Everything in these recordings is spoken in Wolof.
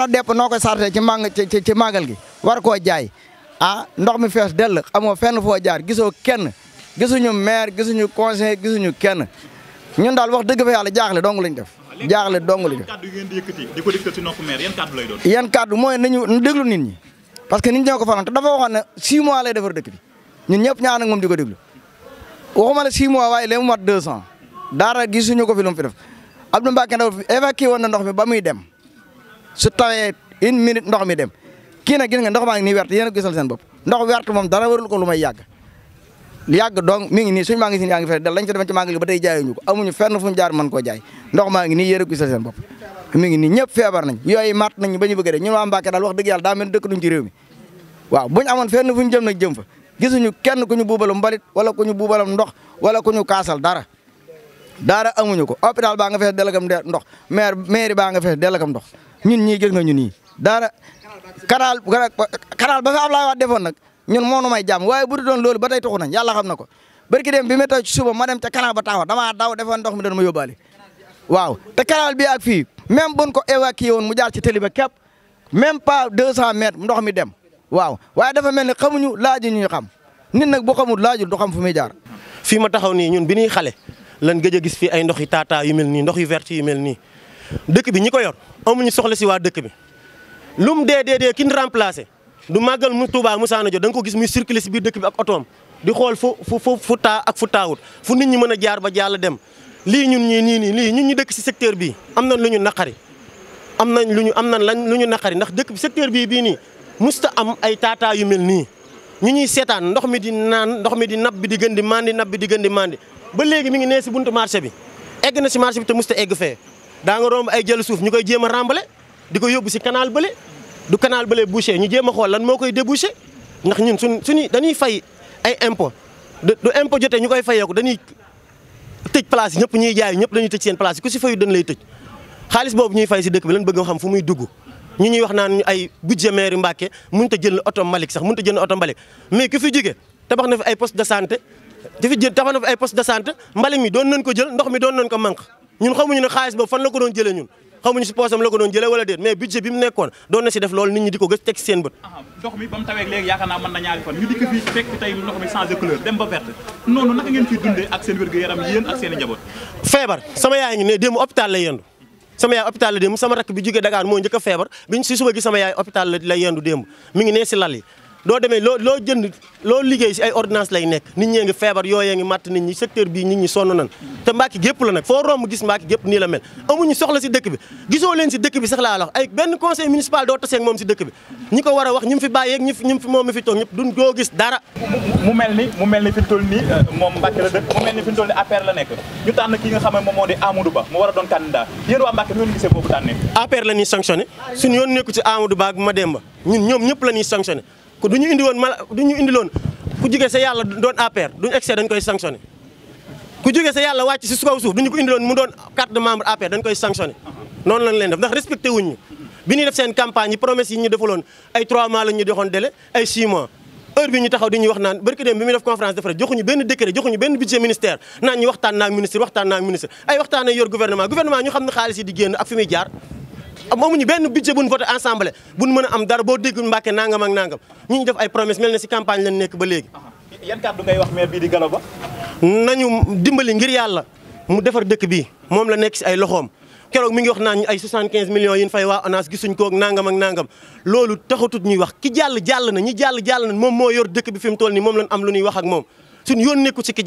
ana depp noo koy sarte ci màng ci ci màggal gi war koo jaay a ah, ndox mi fees dell amoo fenn foo jaar gisoo kenn gisuñu maire gisuñu conseiller gisuñu kenn ñun daal wax dëgg fa yàlla jaaxle dong lañ def jaaxle dong lañ def kàddu yi ngeen di yëkkati yan kàddu lay doon yan kàddu nit ñi parce que nit ñoo ko faral te dafa waxoon ne 6 mois lay defar dëkk bi ñun ñëpp ñaan ak moom di ko déglu waxuma la 6 mois waaye léegi mu mat 200 daara gisuñu ko fi lu mu fi def Abdou Mbacke Ndaw évacué woon na ndox mi ba muy dem su tawee une minute ndox mi dem kii nag gis nga ndox maa ngi nii wert yéen a gisal seen bopp ndox wert moom dara warul ko lu may yàgg yàgg donc mi ngi nii suñ maa ngi sin yaa ngi fee dal lañ ci defoon ci maa ngi ba tey jaayuñu ko amuñu fenn fu ñu jaar mën koo jaay ndox maa ngi ni yéen a gisal seen bopp mi ngi nii ñëpp feebar nañ yooyu matt nañ ba ñu bëgg rek ñun waa ba daal wax dëgg yàlla daa mel dëkk duñ ci réew mi waaw buñu fu ñu jëm nag jëm fa gisuñu kenn ku ñu buubalam mbalit wala ku ñu buubalam ndox wala ku ñu kaasal dara daara amuñu ko hôpital baa nga fees delakam ndox maire maire baa nga fees delakam ndox ñun ñii gis nga ñun ñii daara kanaal kanaal ba fa Ablaye Wade defoon nag ñun moo nu may jàmm waaye bu doon loolu ba tey taxu nañ yàlla xam na ko barki dem bi ma taw ci suba ma dem ca kanaal ba taxaw damaa daw defoon ndox mi doon ma yóbbaale waaw te kanaal bi ak fii même buñ ko évacué woon mu jaar ci tëli ba képp même pas 200 mètres ndox mi dem waaw waaye dafa mel ni xamuñu laaju ñu xam nit nag bu xamul laajul du xam fu muy jaar. fii ma taxaw nii ñun bi ñuy xale lan gëj a gis fi ay ndox yu taataa yu mel nii ndox yu vert yu mel nii dëkk bi ñi ko yor amuñu soxla si waa dëkk bi lu mu dee dee dee kin remplacé du màggal mu Touba Moussaana jo da nga ko gis muy circuler si biir dëkk bi ak otoom di xool fu fu fu taa ak fu taawut fu nit ñi mën a jaar ba jàll dem lii ñun ñii nii nii lii ñun ñu dëkk si secteur bii am nañ lu ñu naqari am nañ lu ñu am nañ lañ lu ñu naqari ndax dëkk bi secteur bii bii nii musta am ay taataa yu mel nii ñu ñuy seetaan ndox mi di naan ndox mi di nab di gën di mandi nab bi di gën di mandi ba léegi mi ngi nee si bunt marché bi egg na si marché bi te musta egg fee daa nga romb ay jël suuf ñu koy jéem a rembale di ko yóbbu si canal bële du canal bële bouché ñu jéem a xool lan moo koy débouché ndax ñun suñ suñu dañuy fay ay impôt du impôt jotee ñu koy fayeeku dañuy tëj place yi ñëpp ñuy jaay ñëpp dañuy tëj seen place ku si fayu dañ lay tëj xaalis boobu ñuy fay si dëkk bi lan bëgg nga xam fu muy dugg ñu ñuy wax naan ay budget maire Mbàkke mënut a jël oto Malick sax mënut a oto Malick mais ku fi jóge tabax na fi ay poste de santé dafa jël taxaw ay poste de santé mbali mi doon nañ ko jël ndox mi doon nañ ko manque ñun xamuñu ne xaalis boobu fan la ko doon jëlee ñun xamuñu si poosam la ko doon jëlee wala déet mais budget bi mu nekkoon doon na si def loolu nit ñi di ko teg seen bët ndox mi feebar sama yaay ngi ne démb hôpital la yendu sama yaay hôpital la démb sama bi jógee Dakar moo njëkk feebar si suba gi yaay hôpital la yendu démb mi ngi nee si lal yi doo demee loo loo jënd loo liggéey si ay ordonnance lay nekk nit ñee ngi feebar yooyee ngi matt nit ñi secteur bii nit ñi sonn nan te Mbàkke gépp la nag foo romb gis Mbàkke gépp nii la mel amuñu soxla si dëkk bi gisoo leen si dëkk bi sax laa wax ay benn conseil municipal si dëkk bi ñi ko war a wax ñi mu fi bàyyeeg ñi ñi fi moom mi fi toog ñëpp duñ gis dara mu mel ni mu mel ni fi mu toll nii euh, moom Mbàkke la dëkk mu mel ni fi toll nii APR la nekk ñu tànn ki nga xam moom moo di Amadou Ba mu war a doon candidat yéen waa Mbàkke ngeen gisee boobu la ñuy sanctionné suñu yoon nekku ci ñoom ñëpp la ñuy ku du ñu indi woon mala du ñu indi loon ku jóge sa yàlla doon APR duñu excès dañ koy sanctionné ku jóge sa yàlla wàcc si su suuf du ñu ko indi mu doon carte membre APR dañ koy sanctionné noonu leen def ndax respecté ñu bi ñuy def seen campagne yi promesse yi ñu defaloon ay 3 mois la ñu joxoon délai ay 6 mois heure bi ñu taxaw di ñuy wax naan barki dem bi muy def conférence de presse joxuñu benn décret joxuñu benn budget ministère ñu benn budget buñ voté ensemble buñ mën a am dara boo déggul Mbàkke nangam ak nangam ñu ngi def ay promesse mel ne si campagne lañ nekk ba léegi. yan kàddu ngay wax maire bii di Gallo Ba. nañu dimbali ngir yàlla mu defar dëkk bi moom la nekk si ay loxoom keroog mi ngi wax naan ñu ay 75 millions yi ñu fay waa ONAS gisuñ koog nangam ak nangam loolu taxatut ñuy wax ki jàll jàll na ñi jàll jàll na moom moo yor dëkk bi fi mu toll nii moom la am lu ñuy wax ak moom suñu yoon nekku si ki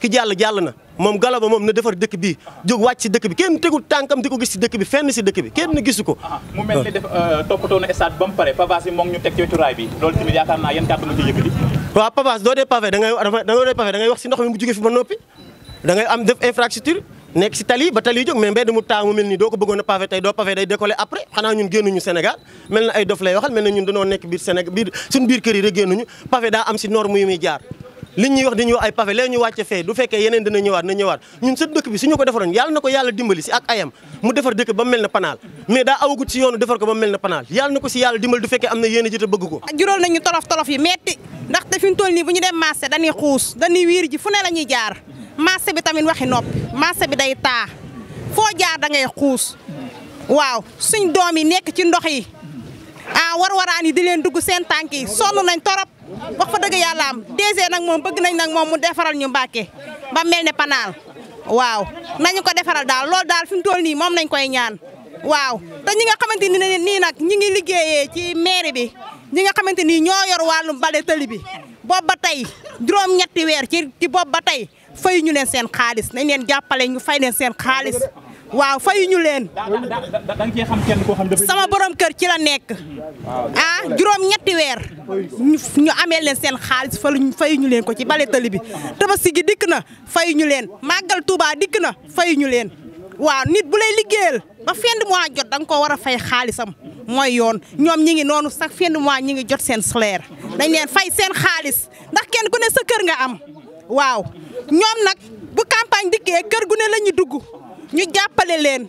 ki jàll jàll na moom galo ba moom na defar dëkk bi jóg wàcc si dëkk bi kenn tegul tànkam di ko gis si dëkk bi fenn si dëkk bi kenn gisu ko. Ah, mu mel ni def euh, toppatoo na stade ba mu pare bi loolu tamit yaakaar naa yéen kàddu nga doo dee pavé da wax si ndox mi mu jóge fi ba noppi da am def infrastructure nekk si tali ba tali jóg mais mbedd mu taa mel nii doo ko bëggoon a pavé tey doo pavé day décoller après xanaa ñun génnuñu Sénégal mel na ay dof lay waxal mel na ñun dañoo nekk biir daa am si norme yu jaar li ñuy wax di ñu wax ay pavé léegi ñu wàcce fee du fekkee yeneen dina ñëwaat na ñëwaat ñun sa dëkk bi su ñu ko defaroon yàlla na ko yàlla dimbali si ak ayam mu defar dëkk ba mel na panaal mais daa awagut si yoonu defar ko ba mel na panaal yàlla na ko si yàlla dimbali du fekkee am na yéen a jëta bëgg ko ah, juróol nañu tolof tolof yi metti ndaxte fi mu nii bu ñu dem marché dañuy xuus dañuy wiir ji fu ne la jaar marché bi tamit waxi noppi marché bi da ngay xuus waaw suñ doom yi nekk ci ndox yi ah war waraan yi di leen dugg seen tànk yi sonn nañ torop wax fa dëgg yàlla am DG nag moom bëgg nañ nag moom mu defaral ñu Mbàkke ba mel ne panaal waaw nañu ko defaral daal lool daal fi mu toll nii moom nañ koy ñaan waaw te ñi nga xamante ni nii nag ñi ngi liggéeyee ci mairie bi ñi nga xamante ni ñoo yor wàllum bale tëli bi boobu ba tey juróom-ñetti weer ci ci boobu ba tey fay ñu leen seen xaalis nañ leen jàppale ñu fay leen seen xaalis waaw fayuñu leen. sama borom kër ci la nekk. ah juróom ñetti weer. ñu amee leen seen xaalis fayuñu leen ko ci bale tali bi tabaski gi dikk na fayuñu leen màggal Tuuba dikk na fayuñu leen. waaw nit bu lay liggéeyal ba fin de mois jot da nga koo war a fay xaalisam mooy yoon ñoom ñi ngi noonu sa fin de mois ñi ngi jot seen salaire dañ leen fay seen xaalis ndax kenn ku ne sa kër nga am waaw ñoom nag bu campagne dikkee kër gu ne la ñu dugg. ñu jàppale leen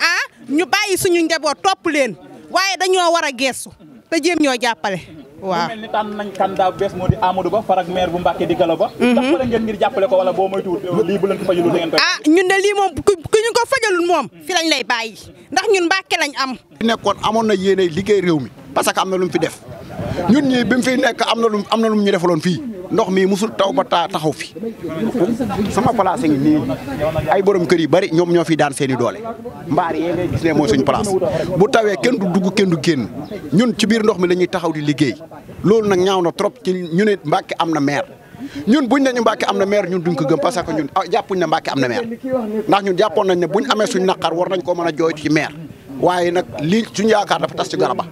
ah ñu bàyyi suñu njaboot topp leen waaye dañoo war a geesu te jéem ñoo jàppale. waaw mel ni tànn nañ candidat bu bees moo di Amadou Ba farak maire bu Mbacke di Galo Ba. Mhm. jàppale ko wala boo moytuwul lii bu leen ko fajalul da ngeen ah, ñun de lii moom ku ñu ko fajalul moom fi lañ lay bàyyi ndax ñun Mbacke lañ am. nekkoon amoon na yéene liggéey réew mi parce que am na lu mu fi def ñun ñii bi mu fi nekk am na lu am na lu ñu defaloon fii ndox mi musul taw ba taa taxaw fi sama place ngi nii ay borom kër yu bari ñoom ñoo fi daan seeni doole mbaar yee gis ne mooy suñu place bu tawee kenn du dugg kenn du génn ñun ci biir ndox mi lañuy taxaw di liggéey loolu nag ñaaw na trop ci ñu ne Mbàkke am na meer ñun buñ ñu Mbàkke am na meer ñun duñ ko gëm parce que ñun ah, jàppuñ ne Mbàkke am na maire ndax ñun jàppoon nañ ne buñ amee suñ naqar war nañ koo mën a jooytu ci maire waaye nag lii suñu yaakaar dafa tas ci garaba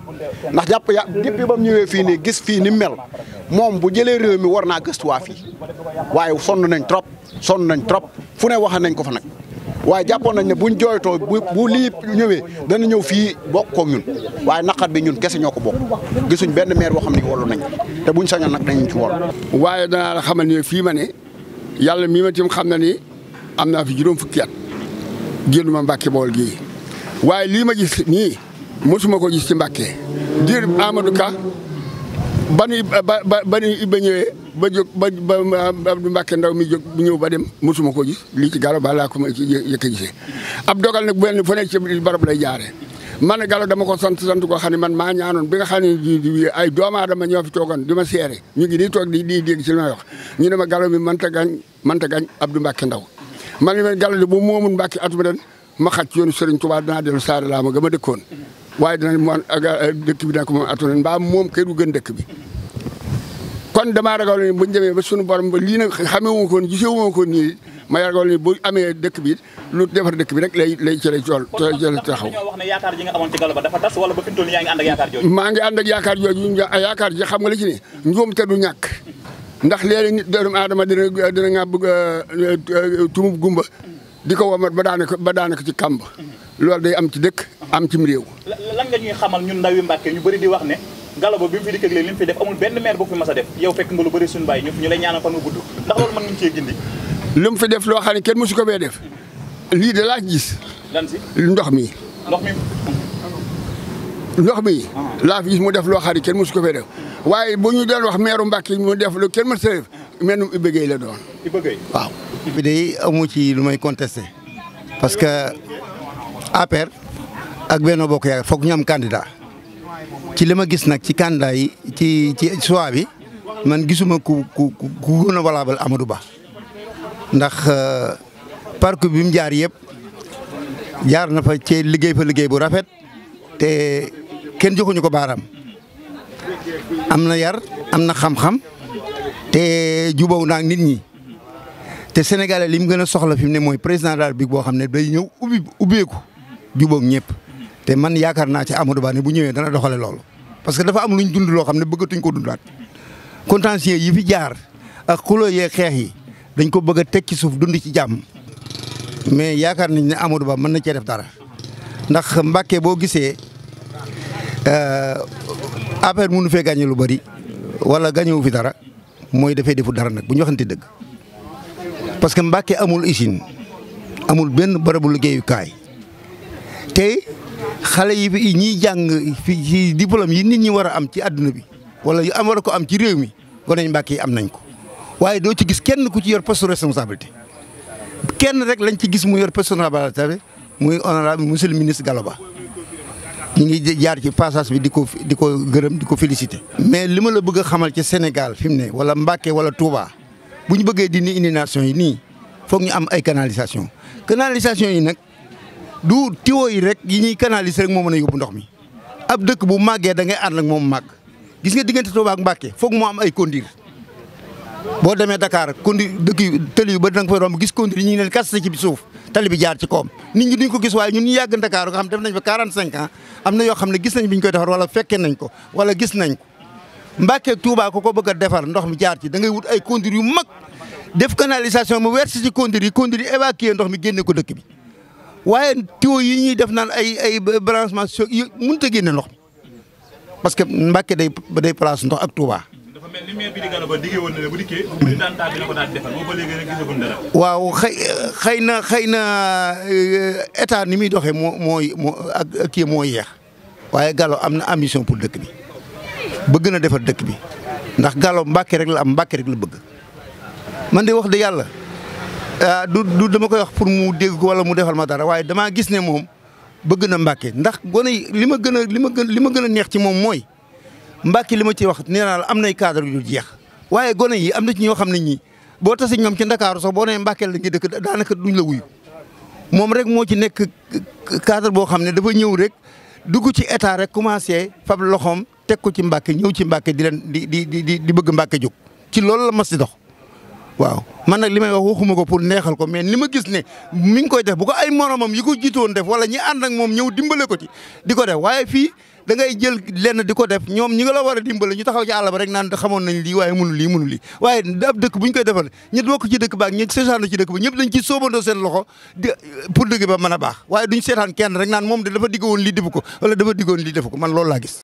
ndax jàpp ya depuis ñëwee fii nii gis fii ni mel moom bu jële réew mi war naa gëstuwaa fii waaye sonn nañ trop sonn nañ trop fu ne wax nañ ko fa nag waaye jàppoon nañ ne buñ jooytoo bu bu lii ñëwee dana ñëw fii bokk koog ñun waaye naqar bi ñun kese ñoo ko bokk gisuñ benn maire boo xam ne wolu nañ te buñ sañoon nag dañu ci wol waaye danaa la xamal ne fii ma ne yàlla mii ma tim xam na ni am naa fi juróom fukki at génnuma Mbàkke Bawol gii waaye lii ma gis nii mosuma ko gis ci Mbàkke diir Amadou Ka ba nuy ba ba ba nuy ba ba jóg ba ba Abdou Mbacke ndaw mi jóg ñëw ba dem mosuma ko gis lii ci Gallo Ba laa ko ma ci yëkk gisee ab dogal nag bu mel ni fu nekk ci barab lay jaaree. man Gallo dama ko sant sant koo xam ne man maa ñaanoon bi nga xam ne di ay doomu aadama ñoo fi toogoon di ma seere ñu ngi nii toog di di dégg ci li may wax ñu ne ma Gallo mi mënta gañ mënta gañ Abdou Mbacke ndaw man li ma Gallo de bu moomul Mbacke atuma den ma xaj ci yoonu Serigne Touba dinaa dellu Saare laa ma gëm a dëkkoon waaye dinañ moom ak euh, dëkk bi dina ko moom atu mbaa moom kay du gën dëkk bi kon damaa ragal ne buñ demee ba sunu borom ba lii nag xamewuma ko gisewuma ko nii ma ragal ne bu amee dëkk bi lu defar dëkk bi rek lay lay cële cool cële taxaw wax ne ci Gallo Ba ngi ànd ak yaakaar jooju maa ngi ànd yaakaar jooju ji xam nga la ci ne njuum te du ñàkk ndax léeg nit doomu aadama dina dina nga bëgg euh, euh, tumub gumba di ko wamat ba daanaka ba daanaka ci kàmb loolu day am ci dëkk am cim réew. lan nga ñuy xamal ñun ndawi Mbàkke ñu bëri di wax ne Galaba bi mu fi dikk ak léegi li fi def amul benn maire bu fi mas a def yow fekk nga lu bëri suñu bàyyi ñu lay ñaanal fan nga gudd ndax loolu mën nañu cee gindi. lu mu fi def loo xam ne kenn mosu ko bee def lii de laa gis. lan si ndox mi. ndox mi. ndox mi ah. laa fi gis mu def loo xam ne kenn mosu ko fee def waaye bu ñu doon wax meeru Mbàkke mu def lu kenn mës a def mel ni Ibegay la doon. Ibegay waaw. bi de amu ci lu may contesté parce que APR. ak benn Bokk Yaakaar foog ñoom am ci li ma gis nag ci candidat ci ci choix bi man gisuma ku ku ku gën a valable Amadou Ba ndax euh, parcours bi mu jaar yépp jaar na fa ci liggéey fa liggéey bu rafet te kenn joxuñu ko baaraam am na yar am na xam-xam te jubaw naa nit ñi te Sénégalais li mu gën a soxla fi mu ne mooy président de la boo xam ne day ñëw ubbi ubbeeku jubaw ñëpp. té man yaakaar naa ci Amadou bané bu ñëwé dana doxalé lool parce que dafa am luñ dund lo xamné ne bëggatuñ ko dundat contentieux yi fi jaar ak xulo ye xeex yi dañ ko bëgg tek ci suuf dund ci jamm mais yaakaar nañ né Amadou Ba man na ci def dara ndax Mbàkke boo gisee euh, affaire mënu fé gàññe lu bari wala wu fi dara moy dafay defu dara nak bu ñu waxante dëgg parce que mbacké amul usine amul ben barabu kay tay xale yi ñiy jàng fii ci diplôme yi nit ñi war a am ci àdduna bi wala yu am war ko am ci réew mi gone Mbàkke yi am nañ ko waaye doo ci gis kenn ku ci yor poste responsabilité kenn rek lañ ci gis mu yor poste responsabilité muy honorable monsieur le ministre Gallo Ba ñu jaar ci passage bi di ko di ko gërëm di ko félicité. mais li ma la bëgg a xamal ci Sénégal fi mu ne wala Mbàkke wala Touba bu ñu bëggee dindi inondation yi nii foog ñu am ay canalisation canalisation yi nag. du tiwoy rek yi ñuy canaliser rek moo mën a yóbbu ndox mi ab dëkk bu màggee da ngay ànd ak moom màgg gis nga diggante Touba ak Mbacké foog mu am ay conduire boo demee Dakar conduire dëkk yu tëli ba danga fa romb gis conduire yi ñu ngi leen kaste ci bi suuf tali bi jaar ci koom nit ñi duñ ko gis waaye ñun ñu yàgg Dakar nga xam def nañ fa 45 am na yoo xam ne gis nañ bi ñu koy defar wala fekkee nañ ko wala gis nañ ko Mbacké ak ko ko bëgg a defar ndox mi jaar ci da ngay wut ay conduire yu mag def canalisation mu weer si ci conduire yi conduire yi ndox mi génne ko dëkk bi waaye tuyau yi ñuy def naan ay ay branchement so yi génne ndox mi parce que Mbàkke day day place ndox ak Touba. Hmm. waaw xëy xëy na xëy na euh, état ni muy doxee moo mooy moo ak kii moo yeex waaye Gallo am na ambition pour dëkk bi bëgg na defar dëkk bi ndax Gallo Mbàkke rek la am Mbàkke rek la bëgg man de wax de yàlla. Euh, du du dama koy wax pour mu dégg ko wala mu defal ma dara waaye damaa gis ne moom bëgg na Mbacke ndax gone yi li ma gën a li ma gën li ma gën a neex ci moom mooy Mbacke li ma ciy wax nee naa la am nay cadre yu jeex waaye gone yi am na ci ñoo xam ne ñii boo tase ñoom ci Ndakaaru sax boo nee Mbacke la ngi dëkk daanaka duñ la wuyu moom rek moo ci nekk cadre boo xam ne dafa ñëw rek dugg ci état rek commencé fab loxoom teg ko ci Mbacke ñëw ci Mbacke di leen di di di di bëgg Mbacke jóg ci loolu la mas di dox. waaw man nag li may wax waxuma ko pour neexal ko mais ni ma gis ne mi ngi koy def bu ko ay moromam yi ko jiitoon def wala ñi ànd moom dimbale ko ci di ko def waaye fii da ngay jël lenn di ko def ñoom ñi nga a dimbale ñu taxaw ci àll ba rek naan xamoon nañ lii waaye mënu lii mënu lii dëkk bu koy defal ñi bokk ci dëkk ba ak ñi seetaanu ci dëkk ba ñëpp dañ ci soobandoo seen loxo di pour ba mën a baax waaye duñ seetaan kenn rek naan moom de dafa diggoon lii def ko wala dafa diggoon lii def ko man loolu la gis